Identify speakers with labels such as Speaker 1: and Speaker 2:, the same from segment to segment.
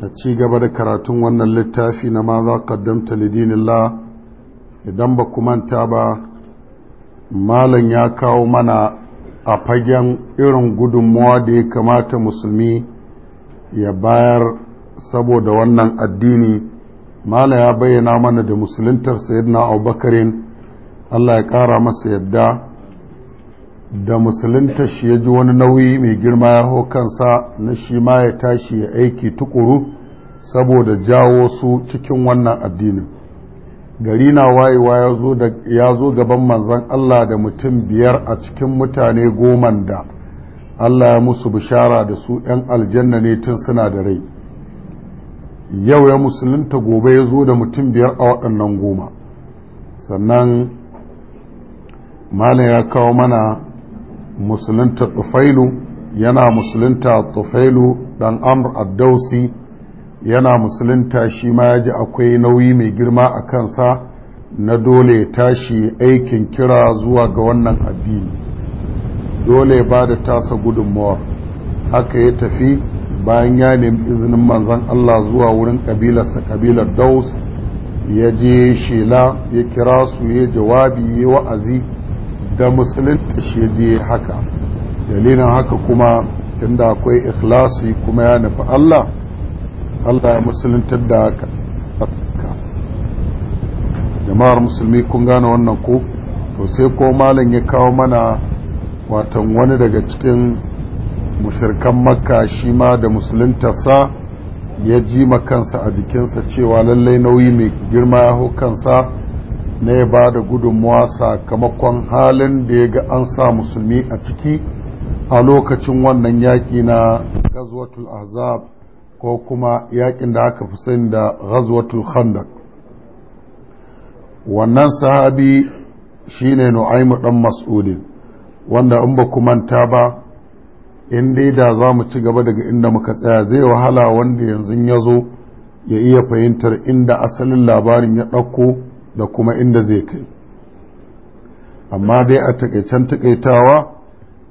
Speaker 1: ta ci gaba da karatun wannan littafi na ma za kaddamta lidinillah idan ba ku manta ba malam ya kawo mana a fagen irin gudunmuwa da ya kamata musulmi ya bayar saboda wannan addini malam ya bayyana mana da musuluntar sayyidina abubakarin allah ya ƙara masa yadda da musulunta shi ya ji wani nauyi mai girma ya hau kansa na shi ma ya tashi ya aiki tukuru saboda jawo su cikin wannan addinin gari na wayewa ya zo gaban manzan Allah da mutum biyar a cikin mutane goman da Allah ya musu bishara da su ‘yan aljanna ne tun suna da rai yau ya musulunta gobe ya zo da mutum biyar a waɗannan goma sannan malam ya kawo mana musulunta tufailu yana musulunta tufailu dan amr addausi yana musulunta shi ma ya ji akwai nauyi mai girma a kansa na dole tashi aikin kira zuwa ga wannan addini dole ba da tasa gudunmawar haka ya tafi bayan ya nemi izinin manzan Allah zuwa wurin kabilarsa kabilar daus ya je shela ya kira su ya jawabi ya wa'azi da musulunta shi je haka dalilin haka kuma inda akwai ikhlasi kuma ya nufi Allah Allah ya musuluntar da haka jama'ar musulmi kun gane wannan ko to sai ko malam ya kawo mana watan wani daga cikin mushirkan makka shi ma da musuluntarsa ya ji kansa a jikinsa cewa lallai nauyi mai girma ya hau kansa na ya ba da gudunmuwa sakamakon halin da ya ga an sa musulmi a ciki a lokacin wannan yaƙi na gazwatul azab ko kuma yaƙin da aka fi sani da gazwatul khandak wannan sahabi shine nu'aimu dan mas'udin wanda in ba manta ba in dai da za mu ci gaba daga inda muka tsaya zai wahala wanda yanzu ya zo ya iya fahimtar inda asalin labarin ya ɗauko da kuma inda zai kai amma dai a takaicen takaitawa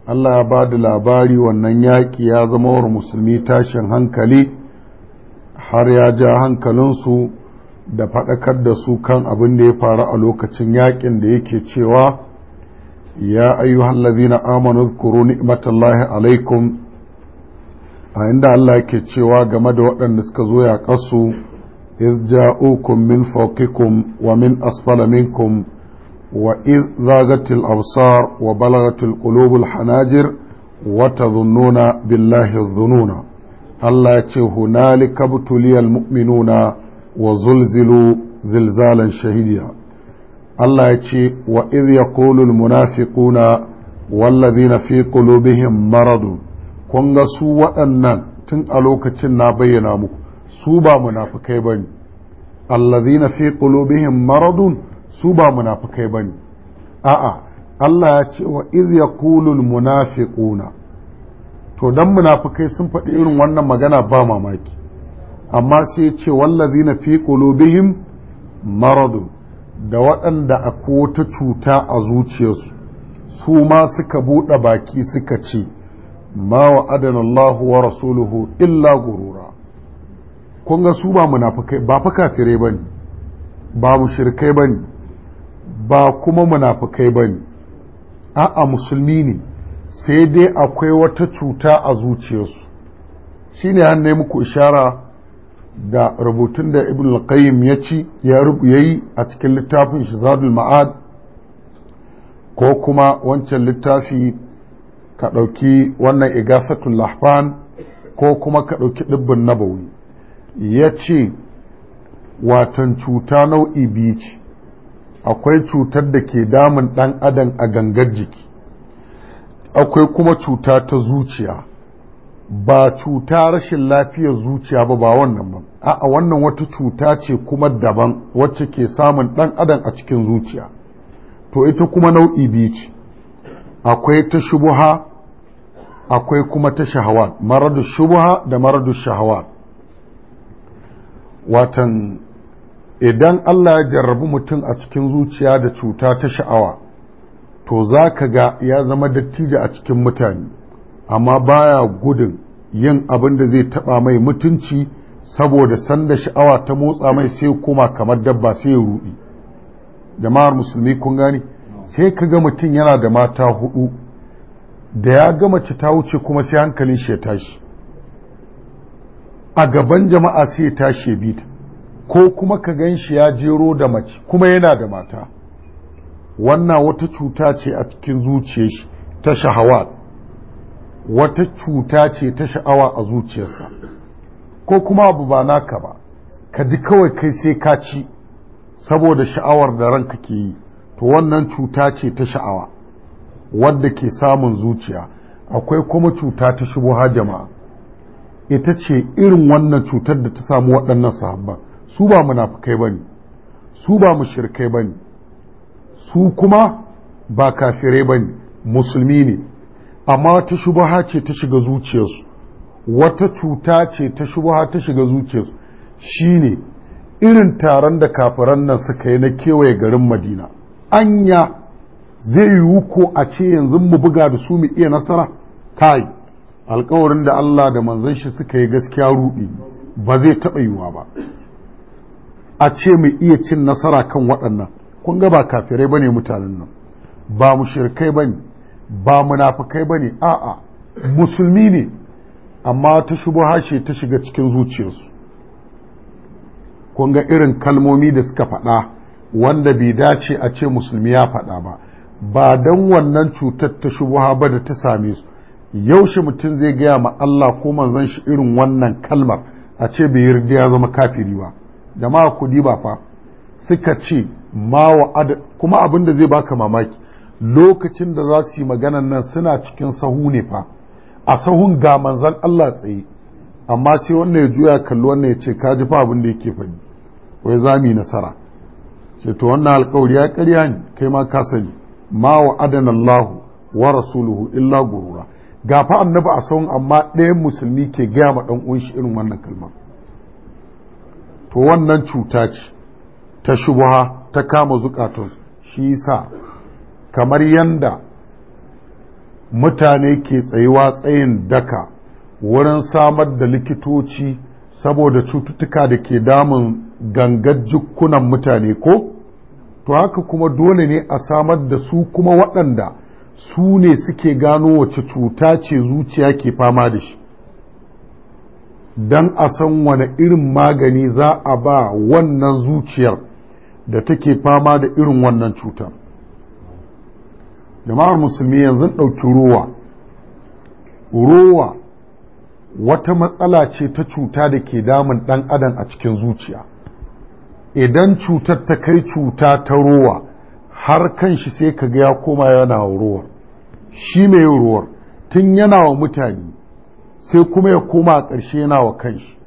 Speaker 1: Allah ya ba da labari wannan yaƙi ya zama wa musulmi tashin hankali har ya ja hankalinsu da faɗakar da su kan abin da ya faru a lokacin yaƙin da yake cewa ya ayyuhan halazina amanu zkuru ni'matallahi alaikum a inda Allah ke cewa game da waɗanda suka zo ya ƙasu إذ جاءوكم من فوقكم ومن أسفل منكم وإذ ذاقت الأبصار وبلغت القلوب الحناجر وتظنون بالله الظنون الله هنالك ابتلي المؤمنون وزلزلوا زلزالا شهيدا الله وإذ يقول المنافقون والذين في قلوبهم مرض كونغ سوء أنن تنقلوك ألوك مكو su ba munafikai bane allazina fi qulubihim maradun su ba munafikai bane a'a Allah ya ce wa iz yaqulul munafiquna to dan munafikai sun faɗi irin wannan magana ba mamaki amma sai ya ce wallazina fi qulubihim maradun da waɗanda a wata cuta a zuciyarsu su ma suka buɗe baki suka ce ma wa adana Allah wa rasuluhu illa gurura kun ga su ba munafikai ba fa kafirai bane ba mushrikai bane ba kuma munafikai bane a'a musulmi ne sai dai akwai wata cuta a zuciyarsu shine an nemi muku ishara da rubutun da ibn al-qayyim ya ci ya yi a cikin littafin shi zadul ma'ad ko kuma wancan littafi ka ɗauki wannan igasatul lahfan ko kuma ka ɗauki ɗubbin nabawi ya ce watan cuta nau'i biyu ce akwai cutar da ke damun ɗan adam a gangar jiki akwai kuma cuta ta zuciya ba cuta rashin lafiyar zuciya ba ba wannan ba a wannan wata cuta ce kuma daban wacce ke samun ɗan adam a cikin zuciya to ita kuma nau'i biyu ce akwai ta shubuha akwai kuma ta shahawa maradu shubuha da maradu shahawa watan idan Allah ya jarrabu mutum a cikin zuciya da cuta ta sha'awa to za ka ga ya zama dattijo a cikin mutane amma baya gudun yin abin da zai taɓa mai mutunci saboda sanda sha'awa ta motsa mai sai kuma kamar dabba sai ya ruɗi jama'ar musulmi kun gani sai ka ga mutum yana da mata hudu da ya ga mace ta wuce kuma sai hankalin shi ya tashi a gaban jama'a sai ya tashi bi ta ko kuma ka gan shi ya jero da mace kuma yana da mata wannan wata cuta ce a cikin zuciyar shi ta shahawa wata cuta ce ta sha'awa a zuciyarsa ko kuma abu ba naka ba ka ji kawai kai sai ka ci saboda sha'awar da ranka ke yi to wannan cuta ce ta sha'awa wadda ke samun zuciya akwai kuma cuta ta shubuha jama'a ita ce irin wannan cutar da ta samu waɗannan sahabba su ba munafukai ba ne su ba mushirikai ba ne su kuma ba kafirai ba ne musulmi ne amma ta shubaha ce ta shiga zuciyarsu wata cuta ce ta shubaha ta shiga zuciyarsu shi ne irin taron da kafiran nan suka yi na kewaye garin madina anya zai yiwu ko a ce yanzu mu buga da su mu iya nasara kai alkawarin da Allah da manzon shi suka yi gaskiya ruɗi ba zai taɓa yiwuwa ba a ce mai iya cin nasara kan waɗannan kun ga ba kafirai ba ne mutanen nan ba mushirkai ba ne ba munafukai ba ne a'a musulmi ne amma ta shubuha ce ta shiga cikin zuciyarsu kun ga irin kalmomi da suka faɗa wanda bai dace a ce musulmi ya faɗa ba ba don wannan cutar ta shubuha ba da ta same su yaushe mutum zai gaya ma Allah ko manzon shi irin wannan kalmar a ce bai yarda ya zama kafiri ba jama'a ku diba fa suka ce ma wa'ada kuma abin da zai baka mamaki lokacin da za su yi maganan nan suna cikin sahu ne fa a sahun ga manzon Allah tsaye amma sai wannan ya juya kalli wannan ya ce ka ji fa abin da yake faɗi wai za nasara ce to wannan alƙawari ya ƙarya ne kai ma ka sani ma wa'adana Allah wa rasuluhu illa gurura ga fa annabi a son amma ɗayan musulmi ke gaya ma ɗan uwan irin wannan kalmar to wannan cuta ce ta shubuha ta kama zukatun shi sa kamar yanda mutane ke tsayuwa tsayin daka wurin samar da likitoci saboda cututtuka da ke damun gangar jikunan mutane ko to haka kuma dole ne a samar da su kuma waɗanda su ne suke gano wace cuta ce zuciya ke fama da shi don a san wane irin magani za a ba wannan zuciyar da take fama da irin wannan cuta jama'ar musulmi yanzu ɗauki rowa rowa wata matsala ce ta cuta da ke damun ɗan adam a cikin zuciya idan cutar ta kai cuta ta rowa har kan shi sai ka ga ya koma yana rowar shi mai ruwar tun yana wa mutane sai kuma ya koma a ƙarshe yana wa kanshi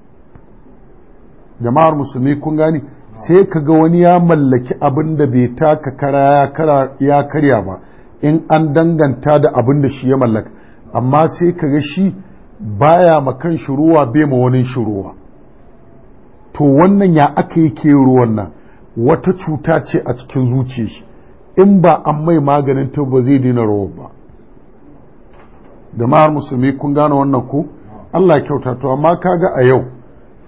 Speaker 1: jama'ar musulmi kun gani sai ka ga wani ya mallaki abin da bai taka kara ya karya ba in an danganta da abin da shi ya mallaka amma sai ka ga shi baya ma kan ruwa bai ma wani ruwa to wannan ya aka yi ke ruwan nan wata cuta ce a cikin zuciya shi in ba an mai maganin ta ba zai dina rawar ba jama'ar musulmi kun gane wannan ku Allah kyauta to amma kaga a yau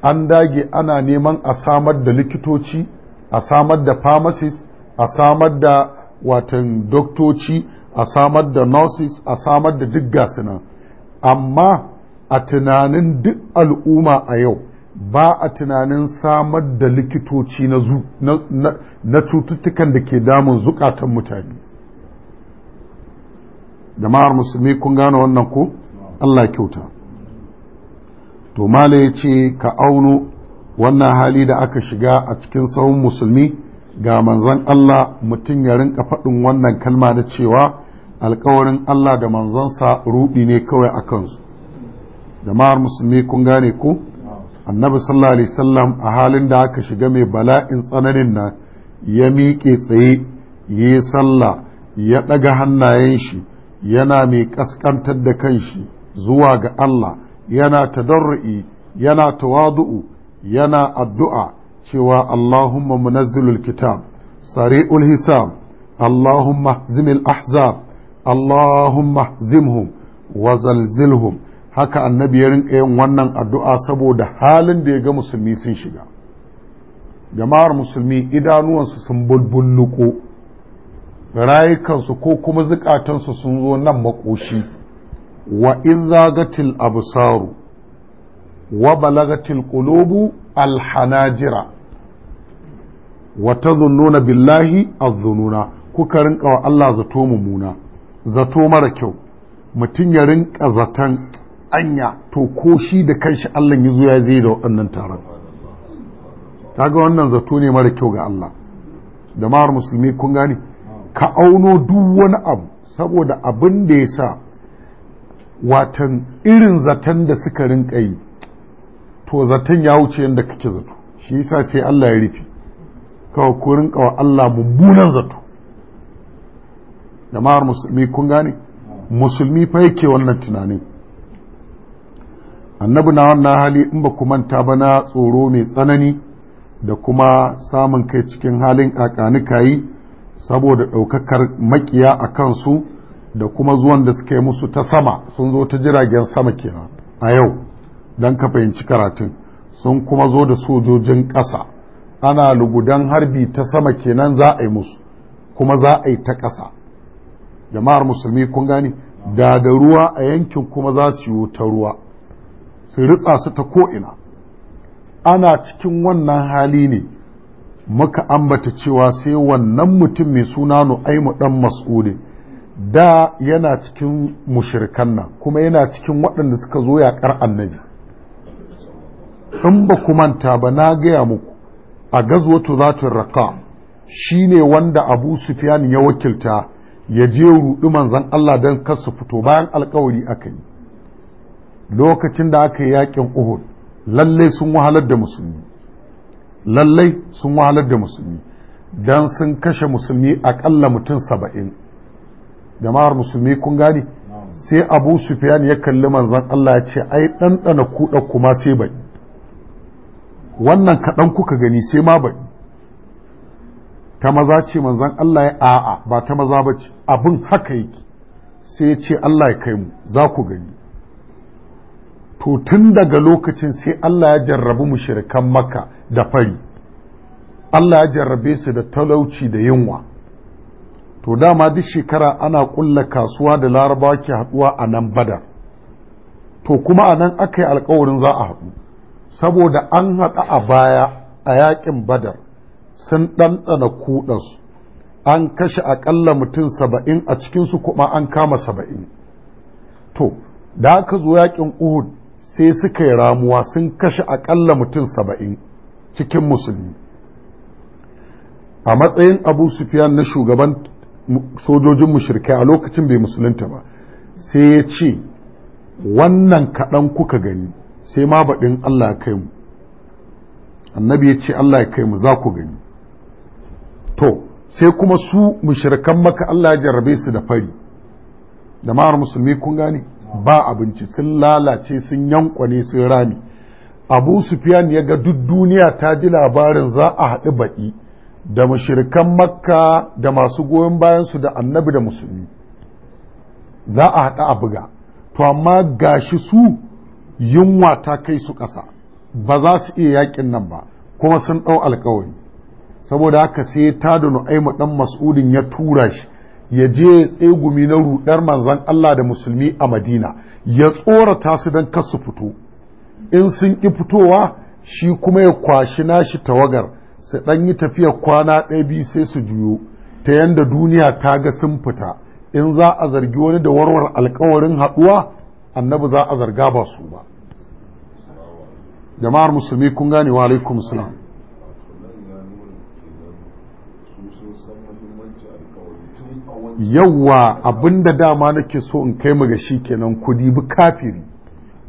Speaker 1: an dage ana neman a samar da likitoci a samar da pharmacists a samar da watan doktoci a samar da nurses a samar da duk gasina amma a tunanin duk al'umma a yau ba a tunanin samar da likitoci na cututtukan da ke damun zukatan mutane jama'ar musulmi kun gane wannan ko Allah kyauta to mala ya ce ka auno wannan hali da aka shiga a cikin tsawon musulmi ga manzan Allah mutum ya rinka faɗin wannan kalma da cewa alkawarin Allah da manzansa ruɗi ne kawai a kansu jama'ar musulmi kun gane ko annabi sallallahu alaihi wasallam a halin da aka shiga mai bala'in tsananin nan ya miƙe tsaye ya yi sallah ya ɗaga hannayen shi yana mai kaskantar da kanshi zuwa ga Allah yana tadarru'i yana tawadu'u yana addu'a cewa Allahumma munazzilul kitab sari'ul hisab Allahumma zimil ahzab Allahumma zimhum wa zalzilhum haka annabi ya rinka yin wannan addu'a saboda halin da ya ga musulmi sun shiga jama'ar musulmi idanuwansu sun bulbulluko rayukansu ko kuma zukatansu sun zo nan makoshi wa in zagatil absaru wa balagatil qulubu alhanajira wa tazunnuna billahi azununa kuka rinka wa Allah zato mumuna. zato mara kyau mutum ya rinka zatan anya to ko shi da kanshi Allah ya zo ya zai da waɗannan taron kaga wannan zato ne mara kyau ga Allah jama'ar musulmi kun gani ka auno duk wani abu saboda abin da ya sa watan irin zaton da suka rinka yi to zaton ya wuce yadda kake zato shi yasa sai Allah ya rufe kawai ku rinka wa Allah mummunan zato jama'ar musulmi kun gane musulmi fa yake wannan tunanin annabi na wannan hali in ba ku manta ba na tsoro mai tsanani da kuma samun kai cikin halin kakanikayi saboda ɗaukakar makiya a kansu da kuma zuwan da suka yi musu ta sama sun zo ta jiragen sama kenan a yau don ka fahimci karatun sun kuma zo da sojojin ƙasa ana lugudan harbi ta sama kenan za a yi musu kuma za a yi ta ƙasa jama'ar musulmi kun gani da da ruwa a yankin kuma za su yi ta ruwa su ritsa su ta ko'ina ana cikin wannan hali ne muka ambata cewa sai wannan mutum mai suna nu'aimu dan mas'udi da yana cikin mushirkan nan kuma yana cikin waɗanda suka zo yaƙar annabi in ba manta ba na gaya muku a gazwatu zatun raka shine wanda abu sufyan ya wakilta ya je ruɗi manzan Allah dan kar su fito bayan alkawari aka yi lokacin da aka yi yaƙin uhud lallai sun wahalar da musulmi lallai sun wahalar da musulmi dan sun kashe musulmi akalla mutum saba'in jama'ar musulmi kun gani sai abu sufyan ya kalli manzan Allah ya ce ai ɗanɗana kuɗa kuma sai bai wannan kaɗan kuka gani sai ma bai ta maza ce manzan Allah ya a'a ba ta maza ba ce abin haka yake sai ya ce Allah ya kai mu za ku gani to tun daga lokacin sai Allah ya jarrabu mushrikan makka da fari Allah ya jarrabe su da talauci da yunwa to dama duk shekara ana kulla kasuwa da laraba ke haɗuwa a nan badar to kuma a nan aka yi alkawarin za a haɗu saboda an haɗa a baya a yaƙin badar sun ɗanɗana kuɗansu an kashe aƙalla mutum saba'in a cikinsu kuma an kama saba'in to da aka zo yaƙin uhud sai suka yi ramuwa sun kashe akalla mutum saba'in cikin musulmi a matsayin abu sufiyan na shugaban sojojin mushrikai a lokacin bai musulunta ba sai ya ce wannan kaɗan kuka gani sai ma baɗin allah ya kai mu annabi ya ce allah ya kai mu za ku gani to sai kuma su mushrikan maka allah ya jarrabe su da fari da jama'ar musulmi kun gane ba abinci sun lalace sun yankwane sun rami abu sufiyan ya ga duk duniya ta ji labarin za a haɗu baƙi da mashirkan makka da masu goyon bayansu da annabi da musulmi za a haɗu a buga to amma gashi su yunwa ta kai su ƙasa ba za su iya yakin nan ba kuma sun ɗau alkawari saboda haka sai ta da nu'aimu ɗan mas'udin ya tura shi ya je tsegumi na rudar manzan Allah da musulmi a Madina ya tsorata su don kasu fito in sun ƙi fitowa shi kuma ya kwashi nashi tawagar su ɗan yi tafiya kwana ɗaya biyu sai su juyo ta yanda duniya ta ga sun fita in za a zargi wani da warwar alkawarin haɗuwa annabi za a zarga ba su ba jama'ar musulmi kun gane wa alaikum salam yawa abinda dama nake so in kai mu ga shi kenan kudi bi kafiri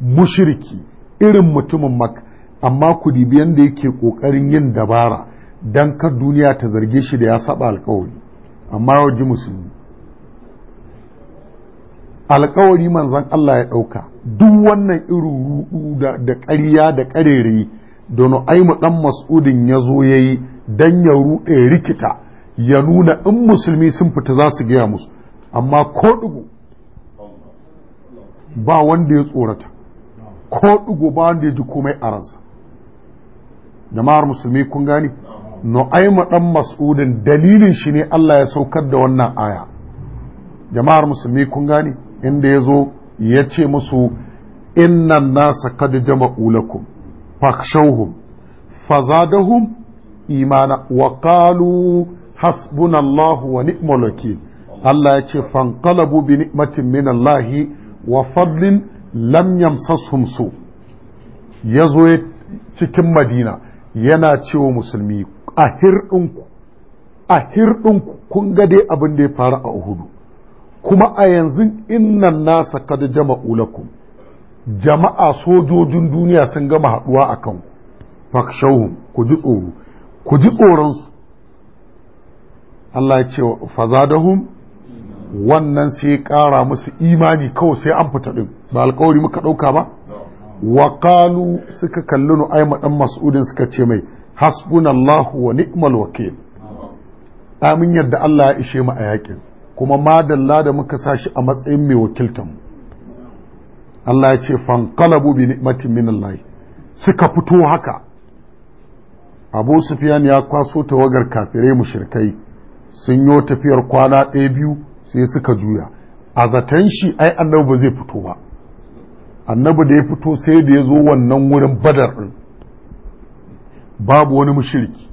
Speaker 1: mushriki irin mutumin mak amma kudi biyan yanda yake kokarin yin dabara dan kar duniya ta zarge shi da ya saba alkawari amma yau ji musulmi alkawari manzon Allah ya dauka duk wannan irin rudu da ƙarya da ƙarere dono ai mu dan mas'udin ya zo yayi dan ya ruɗe rikita ya nuna in musulmi sun fita za su gaya musu amma ko ɗugu ba wanda ya tsorata ko ɗugu ba wanda ya ji komai a ransa jama'ar musulmi kun gani nu'aima dan mas'udin dalilin shi ne Allah ya saukar da wannan aya jama'ar musulmi kun gani inda ya zo ya ce musu innan nasa kad jama'u lakum fakshawhum fazadahum imana wa qalu hasbunallahu wa ni'mal wakil Allah ya ce fanqalabu bi ni'matin min Allah wa fadlin lam yamsashum su yazo cikin Madina yana cewa musulmi a hirdinku a hirdinku kun ga dai abin da ya faru a Uhud kuma a yanzu innan nasa kad jama'u lakum jama'a sojojin duniya sun gama haduwa akan fakshawhum ku ji tsoro ku ji tsoron su Allah ya ce fazadahum wannan sai ya ƙara musu imani kawai sai an fita din. ba alkawari muka ɗauka ba wa qalu suka kalli nu aima dan mas'udin suka ce mai hasbunallahu wa ni'mal wakil amin yadda Allah ya ishe mu a yakin kuma madalla da muka sashi a matsayin mai wakiltan Allah ya ce qalabu bi ni'matin min Allah suka fito haka Abu Sufyan ya kwaso tawagar kafirai mushrikai sun yi tafiyar kwana ɗaya biyu sai suka juya a zaton shi ai annabi ba zai fito ba annabi da ya fito sai da ya zo wannan wurin badar ɗin babu wani mushiriki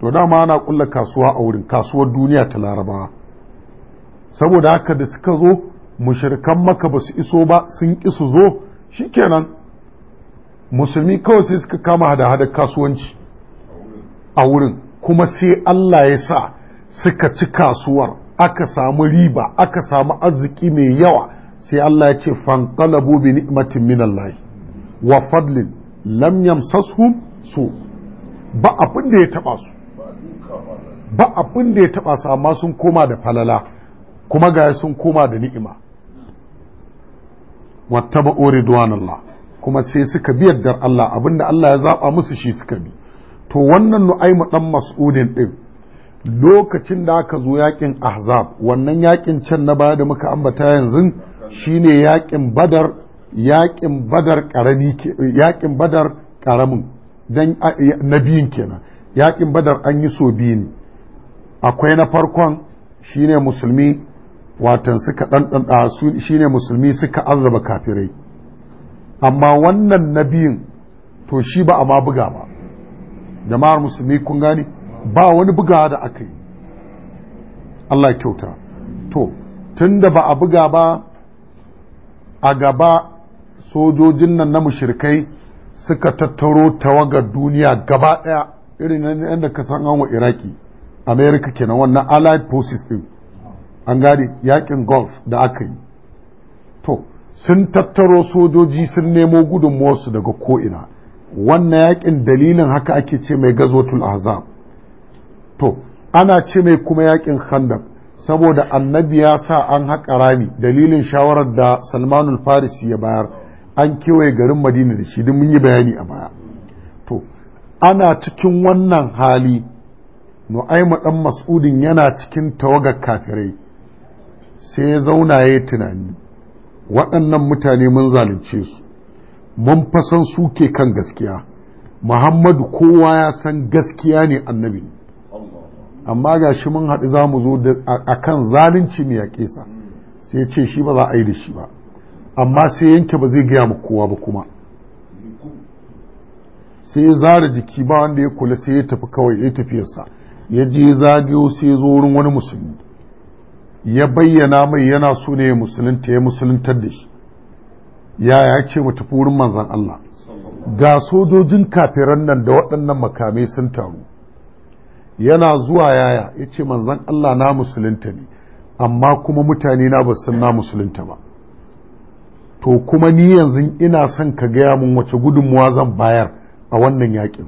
Speaker 1: to dama ana kulla kasuwa a wurin kasuwar duniya ta larabawa saboda haka da suka zo mushirikan maka ba su iso ba sun ƙi su zo shikenan musulmi kawai sai suka kama hada-hada kasuwanci a wurin kuma sai Allah ya sa suka ci kasuwar aka samu riba aka samu arziki mai yawa sai Allah ya ce fanqalabu bi ni'matin min Allah wa fadlin lam yamsashum su ba abin da ya taba su ba abin da ya taba su amma sun koma da falala kuma ga sun koma da ni'ima wattaba'u Allah kuma sai suka bi da Allah abinda Allah ya zaba musu shi suka bi to wannan nu'aimu dan mas'udin din lokacin da aka zo yakin ahzab wannan yakin can na baya da muka ambata yanzu shine yakin badar yakin badar karami yakin badar karamin dan na kenan yakin badar an yi so biyu ne akwai na farkon shine musulmi watan suka dan shine musulmi suka azaba kafirai amma wannan nabiyin to shi ba a ma buga ba jama'ar musulmi kun gani ba wani bugawa da aka yi Allah kyauta to tun da ba a buga ba a gaba sojojin nan na mushirkai suka tattaro tawagar duniya gaba ɗaya irin yadda ka san an wa iraki america kenan wannan allied forces din an gari yakin golf da aka yi to sun tattaro sojoji sun nemo gudunmuwarsu daga ko'ina wannan yakin dalilin haka ake ce mai gazwatul azab to ana ce mai kuma yakin khandaq saboda annabi ya sa an haƙa rami dalilin shawarar da salmanul farisi ya bayar an kewaye garin madina da shi duk mun yi bayani a baya to ana cikin wannan hali nu'aima dan mas'udin yana cikin tawagar kafirai sai ya zauna ya tunani waɗannan mutane mun zalunce su mun fasan su ke kan gaskiya muhammadu kowa ya san gaskiya ne annabi ne amma ga shi mun haɗu za mu zo a kan zalunci mai yaƙe sa sai ya ce shi ba za a yi da shi ba amma sai yanke ba zai gaya ma kowa ba kuma sai ya zara jiki ba wanda ya kula sai ya tafi kawai ya tafiyarsa ya je zagayo sai ya zo wurin wani musulmi ya bayyana mai yana so ne ya musulunta ya musuluntar da shi ya ya ce mu tafi wurin manzan Allah ga sojojin kafiran nan da waɗannan makamai sun taru yana zuwa yaya ya ce manzan Allah na musulunta ne amma kuma mutane na ba san na musulunta ba to kuma ni yanzu ina son ka gaya min wace gudunmuwa zan bayar a wannan yakin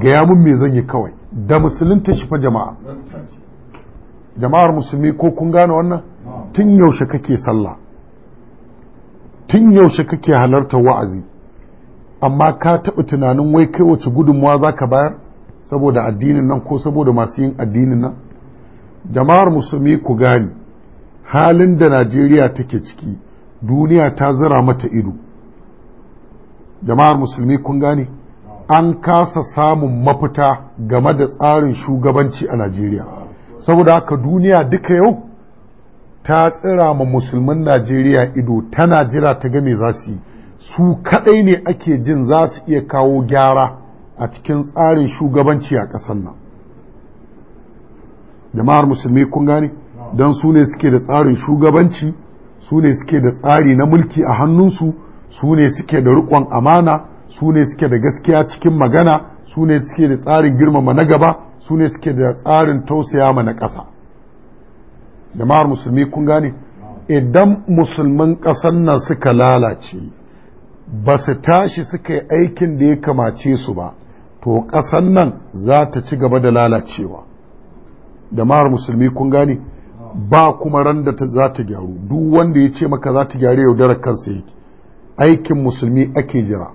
Speaker 1: gaya min me zan yi kawai da musulunta shi fa jama'a jama'ar musulmi ko kun gane wannan tun yaushe kake sallah tun yaushe kake halartar wa'azi amma ka taɓa tunanin wai kai wace gudunmuwa za ka bayar saboda addinin nan ko saboda masu yin addinin nan jama'ar musulmi ku gani halin da najeriya take ciki duniya ta zira mata ido jama'ar musulmi kun gane an kasa samun mafita game da tsarin shugabanci a najeriya saboda haka duniya duka yau ta tsira ma musulman najeriya ido tana jira ta game za su yi su kadai ne ake jin za su iya kawo gyara a cikin tsarin shugabanci a ƙasar nan jama'ar musulmi kun gane don su ne suke da tsarin shugabanci su ne suke da tsari na mulki a hannunsu su ne suke da riƙon amana su ne suke da gaskiya cikin magana su ne suke da tsarin girmama na gaba su ne suke da tsarin tausaya ma na ƙasa jama'ar musulmi kun gane idan musulman ƙasar nan suka lalace ba su tashi suka yi aikin da ya kamace su ba to ƙasan nan za ta ci gaba da lalacewa Da jama'ar musulmi kun gane ba kuma ran da za ta gyaru duk wanda ya ce maka za ta gyaru yaudarar kansa yake aikin musulmi ake jira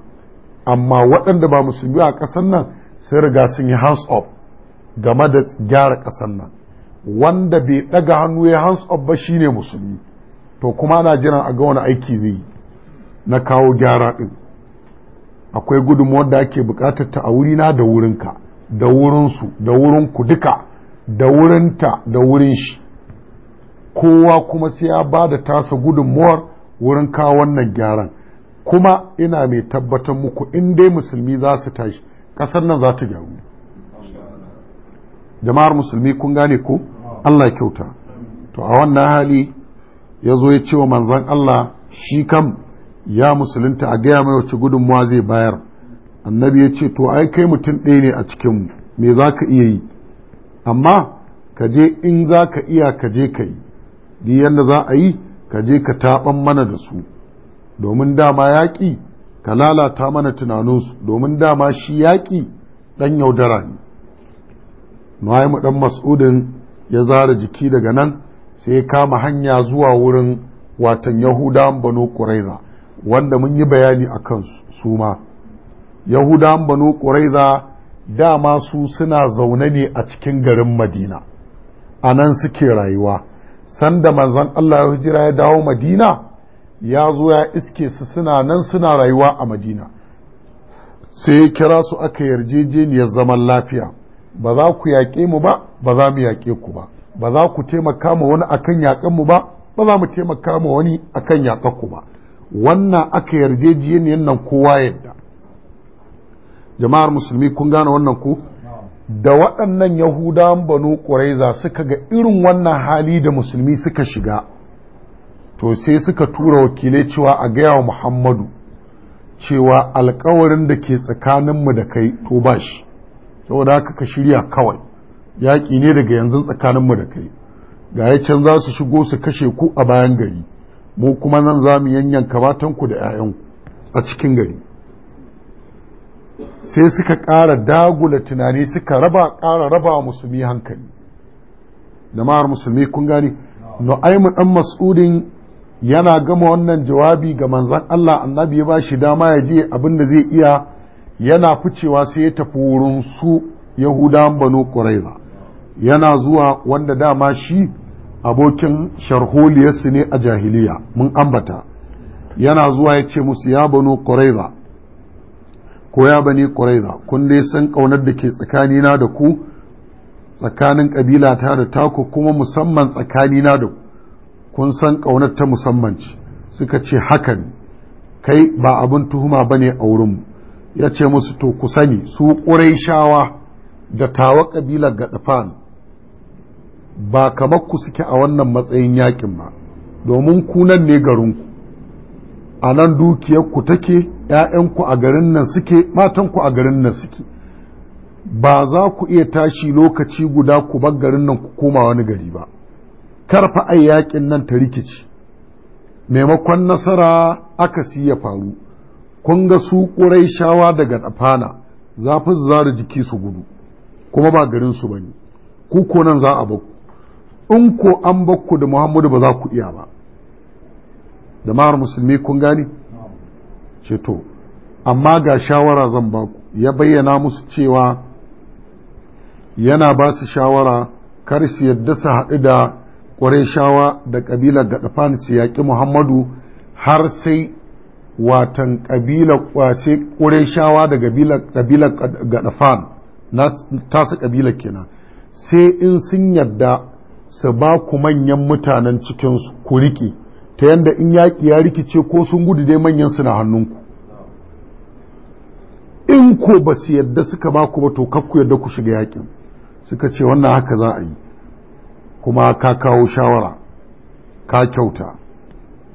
Speaker 1: amma waɗanda ba musulmi a ƙasan nan sai riga sun yi hands up game da gyara ƙasan nan wanda bai ɗaga hannu ya hands up ba shine musulmi to kuma ana jiran a ga wani aiki zai yi na kawo gyara ɗin akwai gudunmuwar da ake bukatar ta a wurina da wurinka da wurinsu da wurinku duka da wurinta da wurin shi kowa kuma sai ya ba da tasa gudunmuwar wurin kawo wannan gyaran kuma ina mai tabbatar muku in dai musulmi za su tashi ƙasar nan za ta gyaru jama'ar musulmi kun gane ko Allah kyauta to a wannan hali ya zo ya ce wa manzan Allah shi kam ya musulunta a gaya mai wacce gudunmawa zai bayar annabi ya ce to ai kai mutum ɗaya ne a cikinmu me za ka iya yi amma ka je in za ka iya ka je ka yi yadda za a yi ka je ka taɓan mana da su domin dama yaƙi ka lalata mana tunaninsu domin dama shi yaƙi ɗan yaudara ne Nuhaimu ɗan mas'udin ya zara jiki daga nan sai ya kama hanya zuwa wurin watan Yahudawan Banu ƙuraira wanda mun yi bayani a kan su ma yahudan banu ƙuraiza dama su suna zaune ne a cikin garin madina a nan suke rayuwa sanda manzon allah ya hijira ya dawo madina ya zo ya iske su suna nan suna rayuwa a madina sai ya kira su aka yarjejeniyar zaman lafiya ba za ku yaƙe mu ba ba za mu yaƙe ku ba ba za ku taimaka ma wani akan yaƙan mu ba ba za mu taimaka ma wani akan yaƙan ku ba wannan aka yarjejeniyar nan kowa yadda jama'ar musulmi kun gane wannan ku da waɗannan yahudawan banu ƙuraiza suka ga irin wannan hali da musulmi suka shiga to sai suka tura wakilai cewa a gaya wa muhammadu cewa alkawarin da ke tsakaninmu da kai to ba shi saboda haka ka shirya kawai yaƙi ne daga yanzu tsakaninmu da kai ga ya can za su shigo su kashe ku a bayan gari mu kuma nan za mu yanyan kamatanku da 'ya'yanku a cikin gari sai suka ƙara dagula tunani suka raba ƙara raba wa musulmi hankali Da jama'ar musulmi kun gani No'aimu, ɗan mas'udin yana gama wannan jawabi ga manzan Allah annabi ya ba shi dama ya je abin da zai iya yana ficewa sai ya tafi wurin su yahudawan banu ƙuraiza yana zuwa wanda dama shi abokin sharholiyarsu ne a jahiliya mun ambata yana zuwa ya ce musu ya banu ƙuraiza ko ya bani ƙuraiza kun dai san ƙaunar da ke tsakanina da ku tsakanin ƙabila ta da taku kuma musamman tsakanina da kun san ƙaunar ta musammanci suka ce hakan kai ba abin tuhuma ba ne a wurin ya ce musu to ku sani su shawa da tawa ƙabilar gaɗafan ba kamar ku suke a wannan matsayin yakin ba domin kunan nan ne garinku a nan dukiyarku take ‘ya'yanku a garin nan suke matanku a garin nan suke ba za ku iya tashi lokaci guda ku bar garin nan ku koma wani gari ba karfa ai yakin nan ta rikici maimakon nasara aka ya faru kun ga su ƙurai shawa daga ɗafana za fi zara jiki su gudu kuma ba garin su bane ku nan za a ku. in ko an bakku da muhammadu ba za ku iya ba da ma'ar musulmi kun gani ce amma ga shawara zan baku ya bayyana musu cewa yana ba su shawara kar su yadda su haɗu da shawa da ƙabilar gaɗafan su yaƙi muhammadu har sai watan ƙabilar ƙwace shawa da ƙabilar gaɗafan na tasu ƙabilar kenan sai in sun yadda su ba ku manyan mutanen cikinsu ku riƙe ta yadda in yaƙi ya rikice ko sun gudu dai manyan suna hannunku in ko ba su yadda suka ba ku ba to kakku yadda ku shiga yaƙin suka ce wannan haka za a yi kuma ka kawo shawara ka kyauta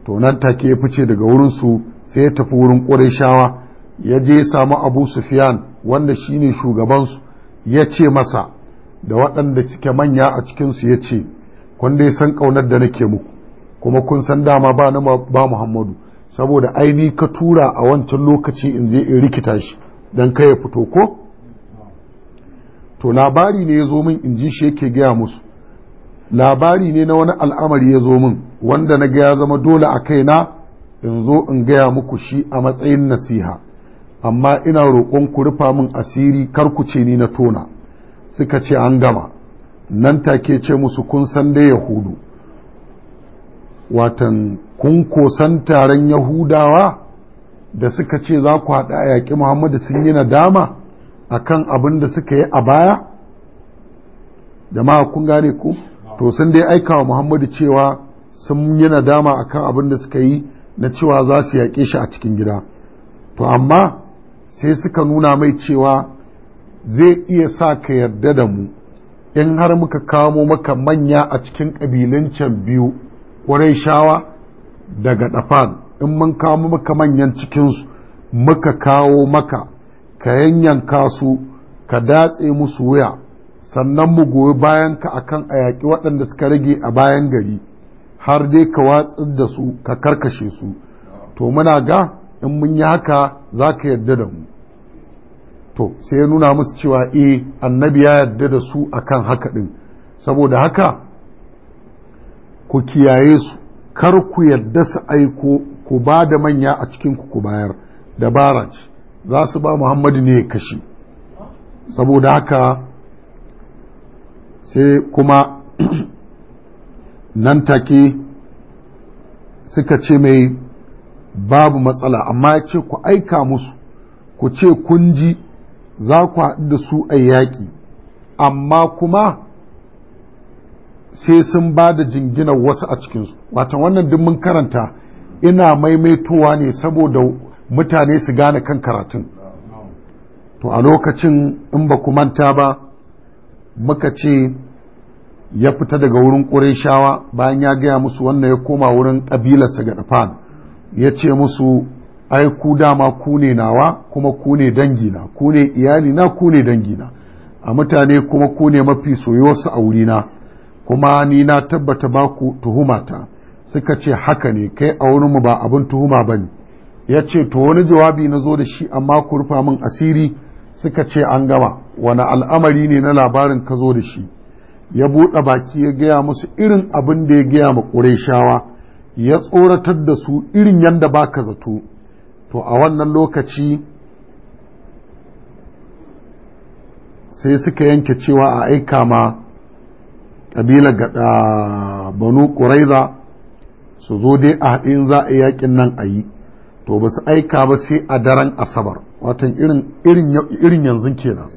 Speaker 1: to nan take ya fice daga wurinsu sai ya tafi wurin ƙurai shawa ya je samu abu sufiyan wanda shine shugabansu ya ce masa da waɗanda cike manya a cikinsu ya ce kun dai san ƙaunar da nake muku kuma kun san dama ba na ba muhammadu saboda aini ka tura a wancan lokaci in je in rikita shi don kai ya fito ko to labari ne ya zo min in ji shi yake gaya musu labari ne na wani al'amari ya zo min wanda na ga ya zama dole a kai na, in zo in gaya muku shi a matsayin nasiha amma ina roƙon ku rufa min asiri kar ku ce ni na tona suka ce an gama nan take ce musu kun san da yahudu watan kun kosan taron yahudawa da suka ce za ku haɗa a yaƙi muhammadu sun yi nadama a kan abin da suka yi a baya jama'a kun gane ku to sun dai aika wa muhammadu cewa sun yi nadama a kan abin da suka yi na cewa za su yaƙe shi a cikin gida to amma sai suka nuna mai cewa zai iya sa ka yarda da mu in har muka kamo maka manya a cikin ƙabilan can biyu ƙwarai shawa daga ɗafan in mun kamo maka manyan cikinsu muka kawo maka ka yanyanka su ka datse musu wuya sannan mu goyi bayan ka akan ayaki yaƙi waɗanda suka rage a bayan gari har dai ka watsar da su ka karkashe su to muna ga in mun yi haka za ka yarda da mu to sai ya nuna musu cewa eh annabi ya yarda da su akan haka din saboda haka ku kiyaye su kar ku yarda su aiko ku ba da manya a cikin ku ku bayar dabara ce za su ba muhammadu ne kashi saboda haka sai kuma nan take suka ce mai babu matsala amma ya ce ku aika musu ku ce kun ji za ku haɗu da su a yaƙi amma kuma sai sun ba da jinginar wasu a cikinsu watan wannan duk mun karanta ina maimaitowa ne saboda mutane su gane kan karatun to a lokacin in ba ku manta ba muka ce ya fita daga wurin shawa bayan ya gaya musu wannan ya koma wurin ƙabilarsa ga ɗafan ya ce musu ai ku dama ku ne nawa kuma ku ne dangina ku ne iyali, na ku ne dangina a mutane kuma ku ne mafi soyuwarsu a na kuma ni na tabbata ba ku tuhumata suka ce haka ne kai a mu ba abin tuhuma ba ne ya ce to wani jawabi na zo da shi amma ku rufa min asiri suka ce an gama wani al'amari ne na labarin ka zo da shi ya buɗe baki ya gaya musu irin abin da ya gaya ma ƙurai shawa ya tsoratar da su irin yadda ba ka zato to a wannan lokaci sai suka yanke cewa a aika ma ƙabilar gada banu ƙuraiza su zo dai a haɗin za a yaƙin nan a yi to ba su aika ba sai a daren asabar watan irin yanzu kenan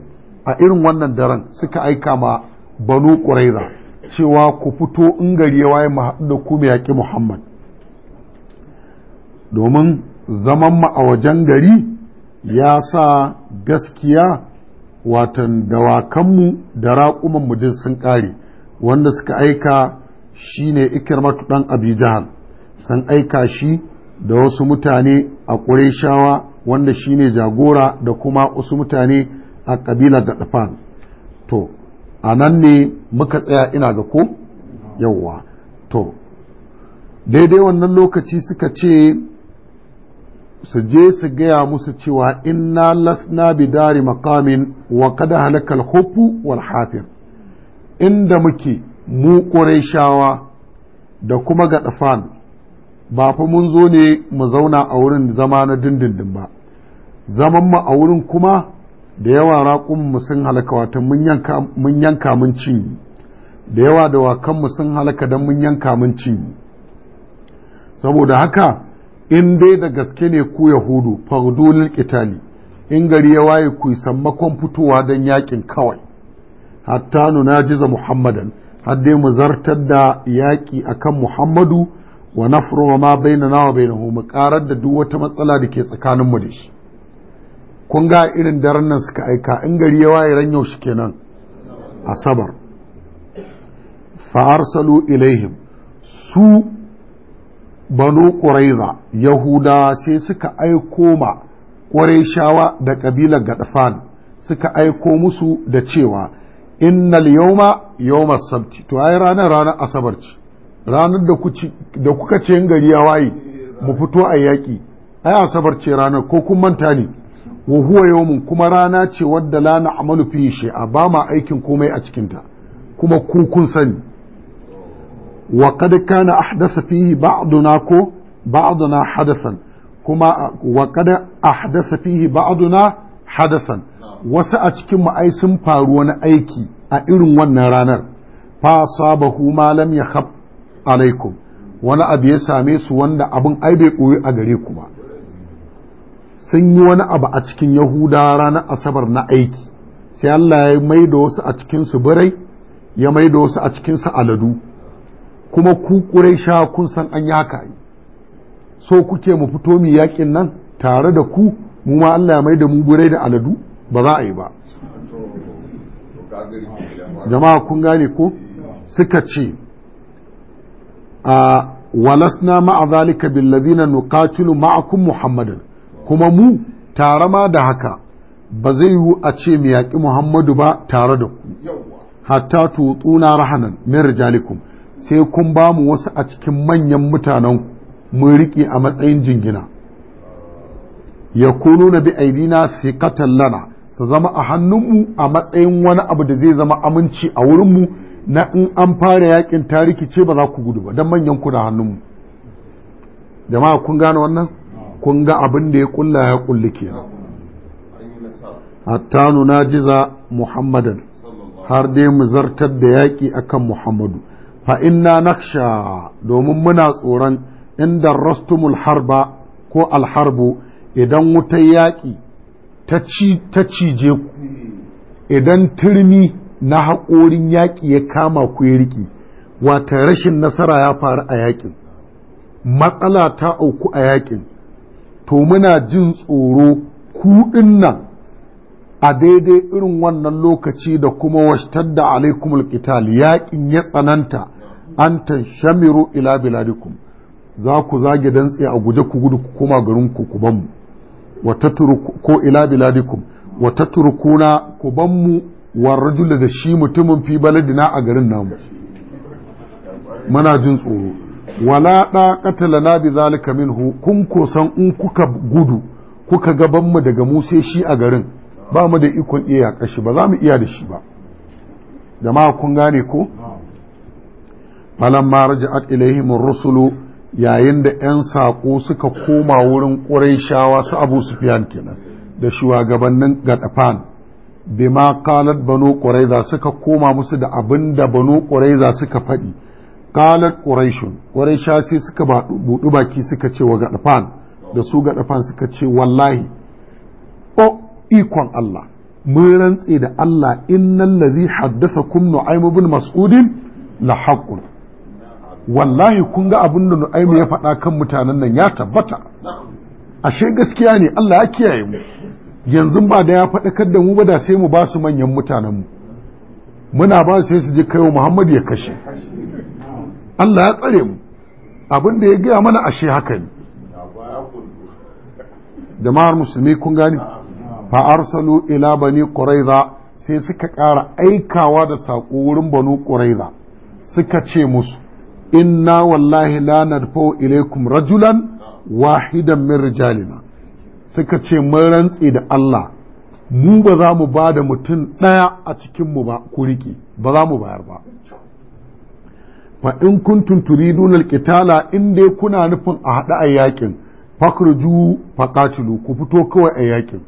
Speaker 1: a irin wannan daren suka aika ma banu ƙuraiza cewa ku fito in gari ya waye mu haɗu da ku yaƙi muhammad domin zaman mu a wajen gari ya sa gaskiya watan dawakanmu da raƙumanmu duk sun ƙare wanda suka aika shi ne ikirmatu ɗan abijan sun aika shi da wasu mutane a ƙureshawa wanda shi ne jagora da kuma wasu mutane a ƙabila da ɗafan to a nan ne muka tsaya ina ga ko yawwa to daidai wannan lokaci suka ce su je su gaya musu cewa inna lasna bidari makamin wa kada halakar hufu wal hafir inda muke mu ƙureshawa da kuma ga ɗafan ba fa mun zo ne mu zauna a wurin zama na dindindin ba zaman mu a wurin kuma da yawa raƙunmu sun halaka wato mun yanka mun cinye da yawa da mu sun halaka dan mun yanka mun cinye saboda haka in dai da gaske ne ku yahudu fardulil Itali in gari ya waye ku sammakon fitowa don yakin kawai hatta jiza muhammadan har dai mu zartar da yaƙi akan muhammadu wa nafru ma bainana wa bainahu mu karar da duk wata matsala da ke tsakanin mu da shi kun ga irin daren nan suka aika in gari ya waye ran yaushe kenan asabar fa arsalu ilaihim su banu ƙuraiza yahuda sai suka aiko ma ƙurayshawa da ƙabilar gadfan suka aiko musu da cewa innal yawma yawma sabti to ai ranar ranar asabar ce ranar da kuka ce gari ya waye mu fito a yaki ai asabar ce ranar ko kun manta ne wa huwa yawmun kuma rana ce wadda la amalu fi shay'a ba ma aikin komai a cikinta kuma ku kun sani wa kad kana ahdasa fihi ba'duna ko ba'duna hadasan kuma wa kad ahdasa fihi ba'duna hadasan wasu a cikin mu ai sun faru wani aiki a irin wannan ranar fa sabahu ma lam yakhab alaikum wani abu ya same su wanda abin ai bai koyi a gare ku ba sun yi wani abu a cikin yahuda ranar asabar na aiki sai Allah ya mai da wasu a cikin su birai ya mai da wasu a cikin su aladu kuma ku sha kun san an yaka haka yi so kuke mu fito mu yakin nan tare da ku mu ma Allah ya mai da mu burai da aladu ba za a yi ba jama'a kun gane ko suka ce a walasna ma'a zalika billazina nuqatilu ma'akum muhammadan kuma mu tare ma da haka ba zai yiwu a ce mu yaƙi muhammadu ba tare da ku hatta tutsuna rahanan min rijalikum sai kun ba mu wasu a cikin manyan mutanen mun riƙe a matsayin jingina ya kunu na bi aidina siƙatan lana su zama a hannunmu a matsayin wani abu da zai zama aminci a wurinmu na in an fara yakin tariki ce ba za ku gudu ba don manyan ku da hannunmu jama'a kun gane wannan kun ga abin da ya kulla ya kulli kenan na jiza muhammadan har dai mu zartar da yaƙi akan muhammadu fa inna naksha domin muna tsoron inda rastumul harba ko alharbu idan wutar yaƙi ta cije ku idan turmi na haƙorin yaƙi ya kama ku ya riƙi wata rashin nasara ya faru a yaƙin matsala ta auku a yaƙin to muna jin tsoro kuɗin nan a daidai irin wannan lokaci da kuma washtar da alaikumul qital yaƙin ya tsananta an tanshamiru ila biladikum za ku zage dantse a guje ku gudu ku koma garin ku ku bamu ko ila biladikum wa tatrukuna ku bamu war rajul da shi mutumin fi baladina a garin namu muna jin tsoro wala da katala na bi zalika minhu kun ko san in kuka gudu kuka gaban mu daga mu shi a garin ba mu da ikon iya kashi ba za mu iya da shi ba jama'a kun gane ko falamma raja'at ilaihim rusulu yayin da 'yan saƙo suka koma wurin ƙurayshawa su abu sufyan kenan da shugabannin gadafan bima qalat banu quraiza suka koma musu da abinda da banu quraiza suka faɗi qalat quraishun quraisha sai suka buɗu baki suka ce wa gadafan da su gadafan suka ce wallahi o ikon Allah mun rantse da Allah innal ladhi haddasa nu'aym ibn mas'udin la haqqun wallahi kun ga abin da nu'aimu ya faɗa kan mutanen nan ya tabbata ashe gaskiya ne Allah ya kiyaye mu yanzu ba da ya faɗakar da mu ba da sai mu ba su manyan mutanen mu muna ba sai su je kaiwa Muhammad ya kashe Allah ya tsare mu abin da ya gaya mana ashe haka ne jama'ar musulmi kun gani fa arsalu ila bani quraiza sai suka ƙara aikawa da saƙo wurin banu quraiza suka ce musu inna wallahi la narfo ilaikum rajulan wahidan min rijalina suka ce mun rantse da Allah mu ba za mu ba da mutum ɗaya a cikinmu ba ku riƙe ba za mu bayar ba fa in kuntum turidun alqitala in dai kuna nufin a haɗe a yakin fakruju faqatilu ku fito kawai a yakin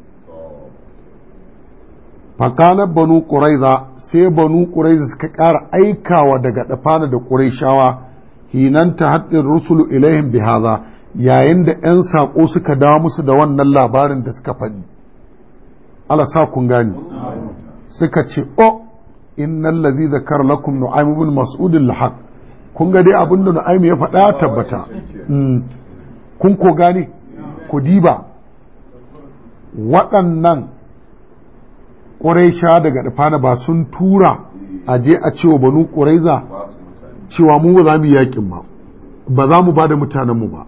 Speaker 1: fakana banu qurayza sai banu qurayza suka ƙara aikawa daga dafana da quraishawa hinanta ta haɗin rusulu ilaihim bihaza yayin da 'yan sako suka dawo musu da wannan labarin da suka faɗi ala sa kun gani suka ce o innal ladhi zakar lakum nu'aym ibn mas'ud al-haq kun ga dai abin da nu'aym ya faɗa tabbata hmm. kun ko gani ku diba waɗannan ƙuraisha daga ɗafana ba sun tura a je a cewa banu ƙuraiza cewa mu ba za mu yi yaƙin ba ba za mu ba da mutanenmu ba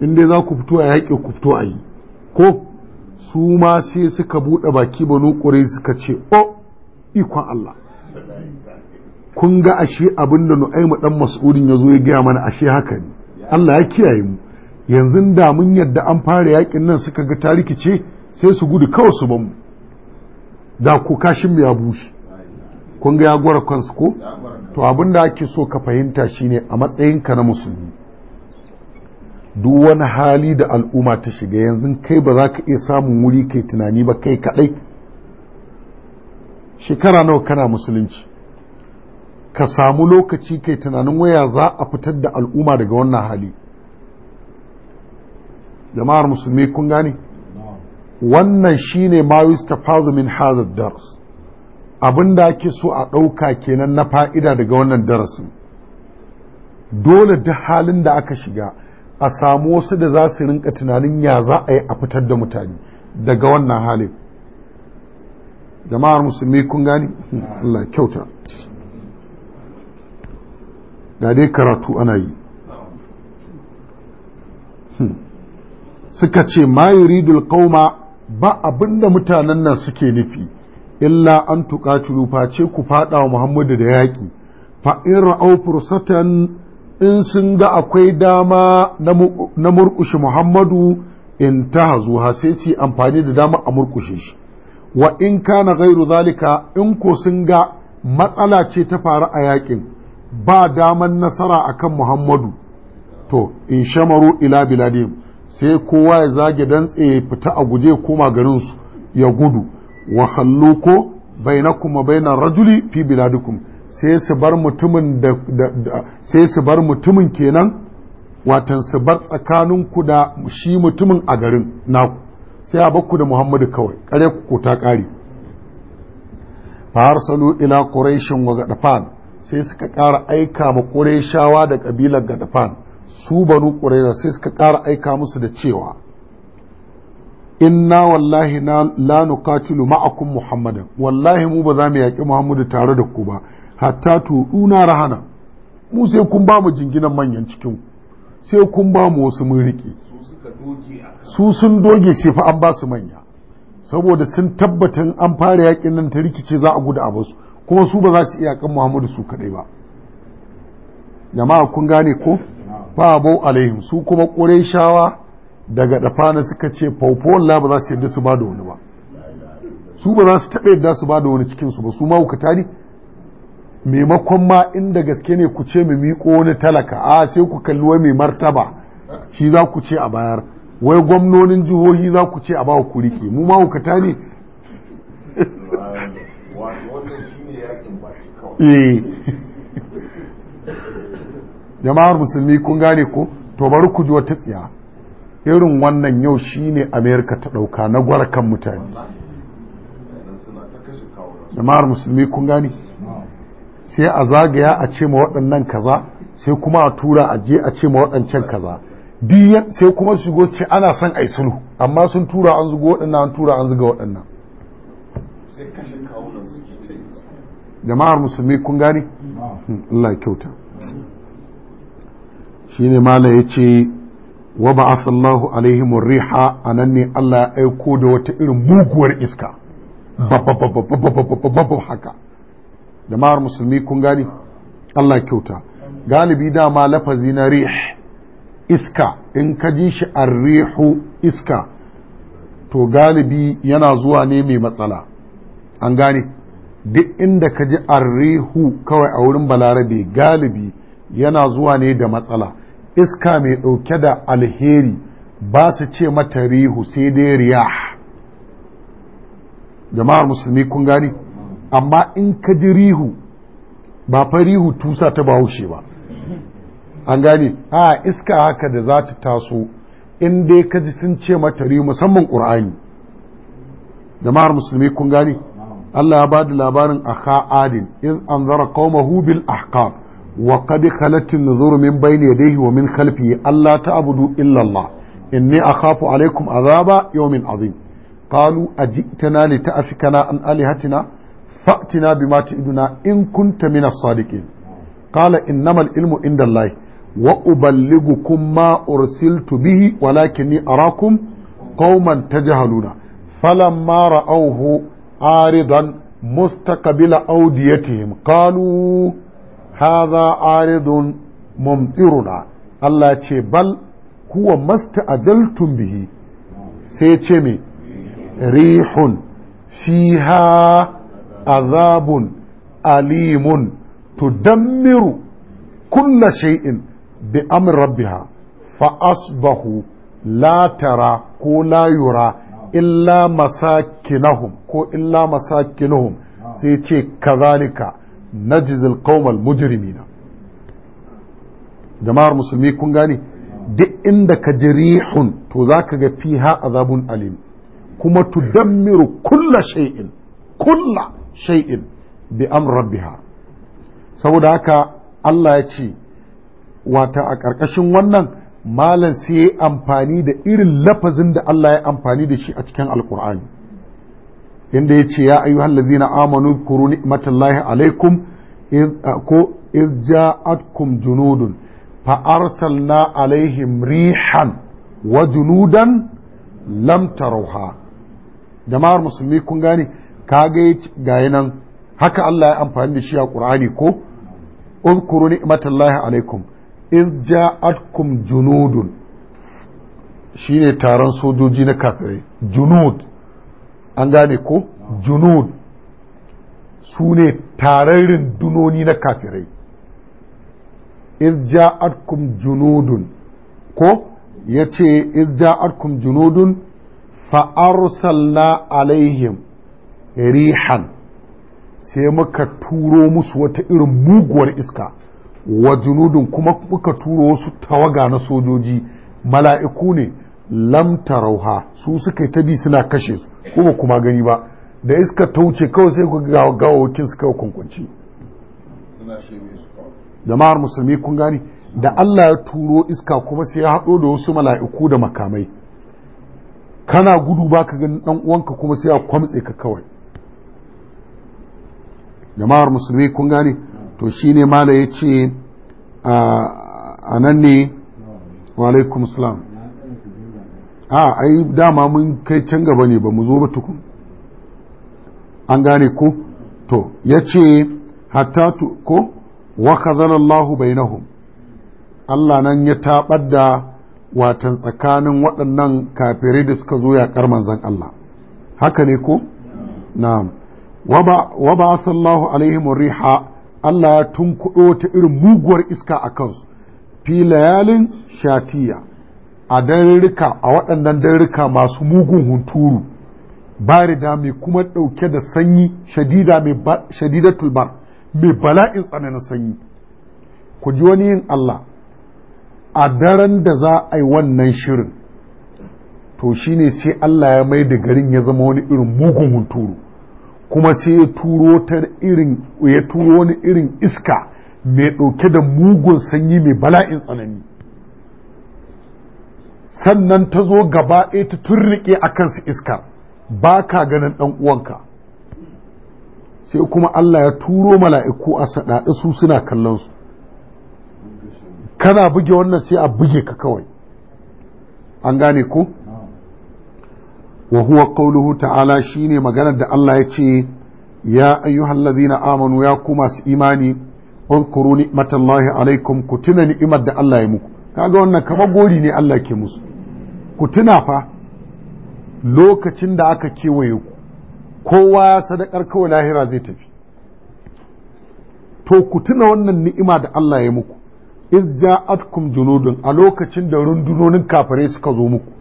Speaker 1: in dai za ku fito a yaƙi ku fito a yi ko su ma sai suka buɗe baki ba ƙure suka ce o ikon Allah kun ga ashe abin da nu'aimu dan mas'udin ya zo ya gaya mana ashe haka ne Allah ya kiyaye mu yanzu da mun yadda an fara yakin nan suka ga tariki ce sai su gudu kawai su bamu da ko kashin mu ya bushe kun ga ya gwara kansu ko to abin da ake so ka fahimta shine a matsayinka na musulmi duk wani hali da al'umma ta shiga yanzu kai ba za ka iya samun wuri kai tunani ba kai kaɗai shekara nawa kana musulunci ka samu lokaci kai tunanin waya za a fitar da al'umma daga wannan hali jama'ar musulmi kun gane wannan shine ma yustafazu min dars abin da ake so a ɗauka kenan na fa'ida daga wannan darasin dole duk halin da aka shiga a samu wasu da za su rinka tunanin ya za a yi a fitar da mutane daga wannan halin jama'ar musulmi kun gani Allah kyauta Da dai karatu ana yi hmm. suka ce ma yuridul qauma ba abinda mutanen nan suke nufi illa an tuƙatu face ku fada wa Muhammadu da yaƙi fa in ra'au fursatan in sun ga akwai dama na murƙushe Muhammadu in ta hazu ha sai su amfani da dama a murƙushe shi wa in kana ghairu zalika in ko sun ga matsala ce ta faru a yaƙin ba daman nasara akan Muhammadu to in shamaru ila biladim sai kowa ya zage dantse ya fita a guje koma garinsu ya gudu wa hallu ko bainakum wa bainar rajuli fi biladikum sai su bar mutumin da sai su bar mutumin kenan watan su bar tsakanin ku da shi mutumin a garin naku sai a bakku da Muhammadu kawai kare ku ta kare fa arsalu ila quraishin wa gadafan sai suka ƙara aika ma quraishawa da kabilar gadafan su banu qurayza sai suka kara aika musu da cewa inna wallahi na la nuqatilu ma'akum muhammadan wallahi mu ba za mu yaki muhammadu tare da ku ba hatta tuɗuna rahana mu sai kun ba mu jinginan manyan cikin sai kun ba mu wasu mun riƙe su sun doge sai fa an ba su manya saboda sun tabbatar an fara yakin nan ta rikice za a gudu a basu kuma su ba za su iya kan muhammadu su kaɗai ba jama'a kun gane ko fa bau alaihim su kuma ƙurai shawa daga dafa na suka ce faufon la ba za su yadda su ba da wani ba su ba za su taɓa yadda su ba da wani cikinsu ba su ma hukata ne maimakon ma inda gaske ne ku ce mai miƙo wani talaka a sai ku kalli wai mai martaba shi za ku ce a bayar wai gwamnonin jihohi za ku ce a ba ku mu ma hukata ne eh. jama'ar musulmi kun gane ko to bari ku ji wata tsiya irin wannan yau shine amerika ta ɗauka na gwarkan mutane jama'ar musulmi kun gani sai a zagaya a ce ma waɗannan kaza sai kuma a tura a je a ce ma waɗancan kaza sai kuma su go ce ana son a yi sulhu amma sun tura an zuga waɗannan an tura an zuga waɗannan jama'ar musulmi kun gani hmm, Allah kyauta shine mala ya ce wa ba'atha Allahu alaihim riha anan ne Allah ya aiko da wata irin muguwar iska babba haka jama'ar musulmi kun gani Allah kyauta galibi dama lafazi na rih iska in ka ji shi arrihu iska to galibi yana zuwa ne mai matsala an gane duk inda ka ji arrihu kawai a wurin balarabe galibi yana zuwa ne da matsala iska mai ɗauke da alheri ba su ce mata rihu sai dai riya. jama'ar musulmi kun gani amma in ka ji rihu ba fa rihu tusa ta bahaushe ba an gane a iska haka da za ta taso in dai kaji ji sun ce mata rihu musamman ƙur'ani jama'ar musulmi kun gani Allah ya ba da labarin a adin in an zara kawo bil ahqab wa qad khalat an-nuzur min bayni yadayhi wa min khalfihi alla ta'budu illa Allah inni akhafu alaykum azaba yawmin azim qalu ajitana kana an alihatina fa'tina bima ta'iduna in kunta min as-sadiqin qala innama al-ilmu inda Allah wa uballighukum ma ursiltu bihi walakinni arakum qauman tajhaluna falamma ra'awhu aridan mustaqbila awdiyatihim qalu haza aridun mumtiruna Allah ce bal huwa masta'ajaltum bihi sai ce me rihun fiha azabun alimun tudammiru kulla shay'in bi amr rabbiha fa asbahu la tara ko la yura illa masakinahum ko illa masakinuhum sai ce kazalika najzil qaumal mujrimina jama'ar musulmi kun gane duk inda ka jirihun to zaka ga fiha azabun alim kuma tudammiru kulla shay'in kulla shay'in bi amr saboda haka Allah ya ce wata a ƙarƙashin wannan malam sai ya amfani da irin lafazin da Allah ya amfani da shi a cikin alkur'ani inda ya ce ya ayyuhal ladzina amanu kuru ni'matallahi alaikum ko iz ja'atkum junudun fa arsalna alaihim rihan wa junudan lam tarauha jama'ar musulmi kun gane kage gaya nan haka Allah ya amfani da shi a Qur'ani ko uzkuru ni'matallahi alaikum iz ja'atkum junudun shine taron sojoji na kafirai junud an gane ko junun su ne tararrin dunoni na kafirai izja'atkum junudun ko ya ce izja'atkum junudun fa'arsalla alaihim rihan sai muka turo musu wata irin muguwar iska wa junudun kuma muka turo wasu tawaga na sojoji mala'iku ne lam tarauha su suka yi ta suna kashe su ko ba kuma gani ba da iska ta wuce kawai sai ku ga gawawakin su kawai kunkunci jama'ar musulmi kun gani da Allah ya turo iska kuma sai ya haɗo da wasu mala'iku da makamai kana gudu ba ka gani ɗan uwanka kuma sai ya kwamtse ka kawai jama'ar musulmi kun gani to shine mala ya a nan ne wa alaikum salam a ai dama mun kai can gaba ne ba mu zo ba tukun an gane ko to ya ce hatta ko wa kazanallahu bainahum Allah nan ya taɓar da watan tsakanin waɗannan kafirai da suka zo yaƙar manzan Allah haka ne ko na'am wa ba sallahu alaihim riha Allah ya tunkuɗo ta irin muguwar iska a kansu fi layalin shatiya a darurruka a waɗannan darurruka masu mugun hunturu barida mai kuma ɗauke da sanyi shadida mai shadidatul tulbar mai bala'in tsananin sanyi ku ji wani yin Allah a daren da za a yi wannan shirin to shi ne sai Allah ya mai da garin ya zama wani irin mugun hunturu kuma sai ya turo ya turo wani irin iska mai ɗauke da mugun sanyi mai bala'in tsanani sannan ta zo gaba ɗaya ta turrike a kansu iska ba ka ganin ɗan uwanka sai kuma Allah ya turo mala'iku a saɗaɗe su suna kallon su kana buge wannan sai a buge ka kawai an gane ku? wa huwa qawluhu ta'ala shine maganar da Allah ya ce ya ayyuhal na amanu ya ku masu imani uzkuru ni'matallahi alaikum ku tuna ni'imar da Allah ya muku kaga wannan kamar gori ne Allah ke musu ku tuna fa lokacin da aka kewaye ku kowa ya sadakar kawai lahira zai tafi to ku tuna wannan ni'ima da Allah ya muku iz ja'atkum junudun a lokacin da rundunonin kafare suka zo muku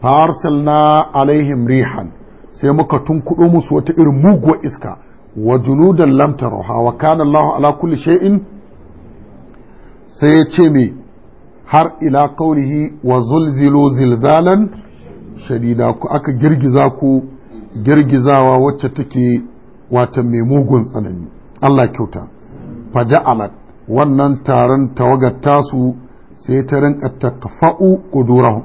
Speaker 1: fa arsalna alaihim rihan sai muka tunkudo musu wata irin muguwar iska wa junudan lam tarawha wa kana Allah ala kulli shay'in sai ya ce me har ila qawlihi wa zulzilu zilzalan shadida ku aka girgiza ku girgizawa wacce take wata mai mugun tsanani Allah kyauta wannan taron tawagar tasu sai ta rinka takfa'u kudurahum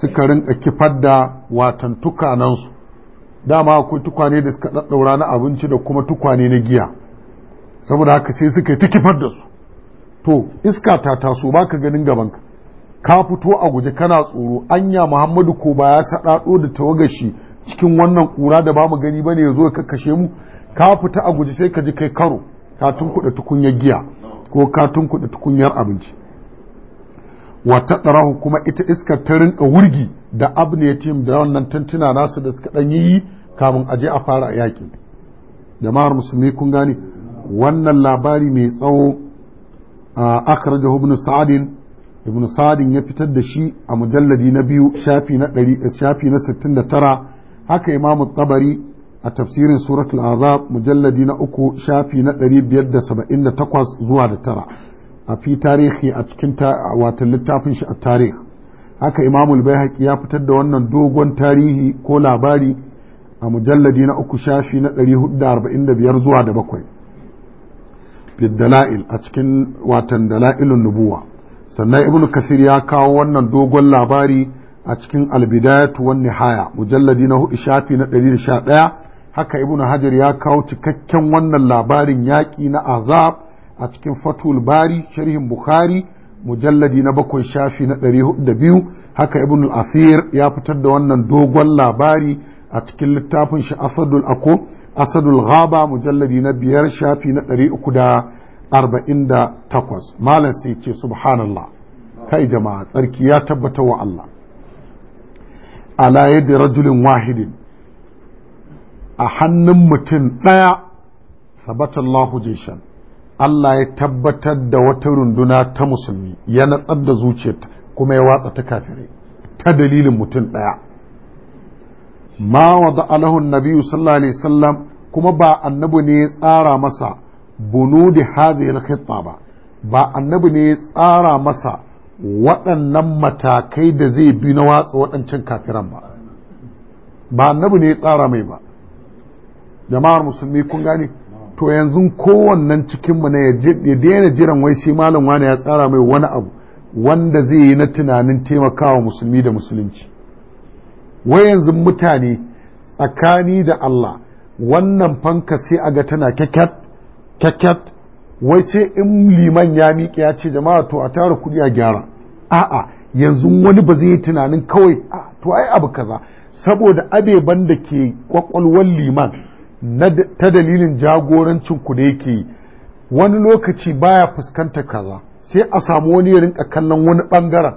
Speaker 1: suka rinka kifar da watan tukanansu dama akwai tukwane da suka ɗaɗɗaura na abinci da kuma tukwane na giya saboda haka sai suka yi ta kifar da su to iska ta taso ba ka ganin gaban ka ka fito a guje kana tsoro anya muhammadu ko ba ya saɗaɗo da tawagashi cikin wannan ƙura da ba mu gani ba ne ya zo ka kashe mu ka fita a guje sai ka ji kai karo ka tunkuɗa tukunyar giya ko ka tunkuɗa tukunyar abinci wata ɗarahu kuma ita iskar ta rinka wurgi da abu abnetim da wannan tantuna nasu da suka ɗan yi kamun aje a fara yaƙi jama'ar musulmi kun gane wannan labari mai tsawo akhrajahu ibn sa'd ibn sa'd ya fitar da shi a mujalladi na biyu shafi na 100 shafi na haka imam tabari a tafsirin suratul azab mujalladi na uku shafi na 578 zuwa da tara a fi tarihi a cikin watan littafin shi a tarihi haka imamul bayhaqi ya fitar da wannan dogon tarihi ko labari a mujalladi na uku shafi na zuwa da bakwai dala'il a cikin watan dala'ilun nubuwa sannan ibnu kasir ya kawo wannan dogon labari a cikin albidayatu wani nihaya mujalladi na hudu shafi na 111 haka ibnu hajar ya kawo cikakken wannan labarin yaƙi na azab a cikin fatul bari sharhin bukhari mujalladi na bakwai shafi na 402 haka ibnu asir ya fitar da wannan dogon labari a cikin littafin shi asadul ako asadul gaba mujalladi na biyar shafi na ɗari uku da arba'in da takwas malam sai ce subhanallah kai jama'a tsarki ya tabbata wa Allah ala yadda rajulin wahidin a hannun mutum ɗaya sabatallahu jeshan Allah ya tabbatar da wata runduna ta musulmi ya natsar da zuciyarta kuma ya watsa ta kafirai ta dalilin mutum ɗaya ma وضع له النبي صلى الله عليه kuma ba با ne ya tsara masa bunudi hadhihi al-khitta ba ba annabi ne ya tsara masa waɗannan matakai da zai bi na watsa waɗancan kafiran ba ba annabi ne ya tsara mai ba jama'ar musulmi to yanzu kowannen cikinmu na ya daina jiran wai shi malam wani ya tsara mai wani abu wanda zai yi na tunanin taimakawa musulmi da musulunci wai yanzu mutane tsakani da Allah wannan fanka sai a ga tana kyakkyat kyakkyat wai sai in liman ya miƙe ya ce jama'a to a tara kuɗi a gyara a'a yanzu wani ba zai yi tunanin kawai a to ai abu kaza saboda abeban da ke kwakwalwar liman ta dalilin jagorancin ku da yake wani lokaci baya fuskanta kaza sai a samu wani ya rinka kallon wani bangaren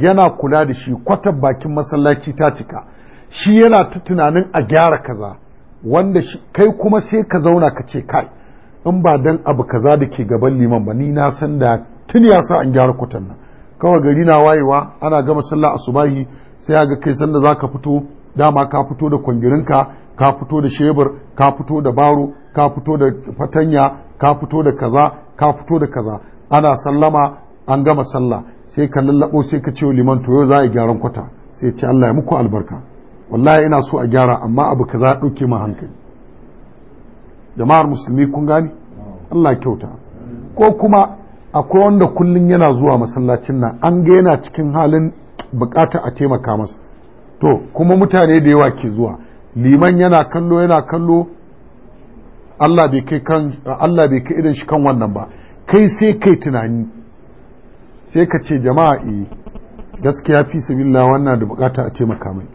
Speaker 1: yana kula da shi kwatar bakin masallaci ta cika shi yana ta tunanin a gyara kaza wanda kai kuma sai ka zauna ka ce kai in ba dan abu kaza da ke gaban liman ba ni na san da tun ya sa an gyara kwatan nan kawai gari na wayewa ana gama sallah subahi sai ga kai sanda ka fito dama ka fito da kwangirinka ka fito da shebur ka fito da baro ka fito da fatanya ka fito da kaza ka fito da kaza ana sallama an gama sallah sai ka lallabo sai ka ce liman to yau za a gyaran kwata sai ce Allah ya muku albarka wallahi ina so a gyara amma abu kaza a dauke ma hankali jama'ar musulmi kun gani Allah kyauta ko kuma akwai wanda kullun yana zuwa masallacin nan an ga yana cikin halin bukata a taimaka masa to kuma mutane da yawa ke zuwa liman yana kallo yana kallo Allah bai kai kan Allah bai kai irin shi kan wannan ba kai sai kai tunani sai ka ce jama'a gaskiya fi sabilla na da bukata a taimaka mai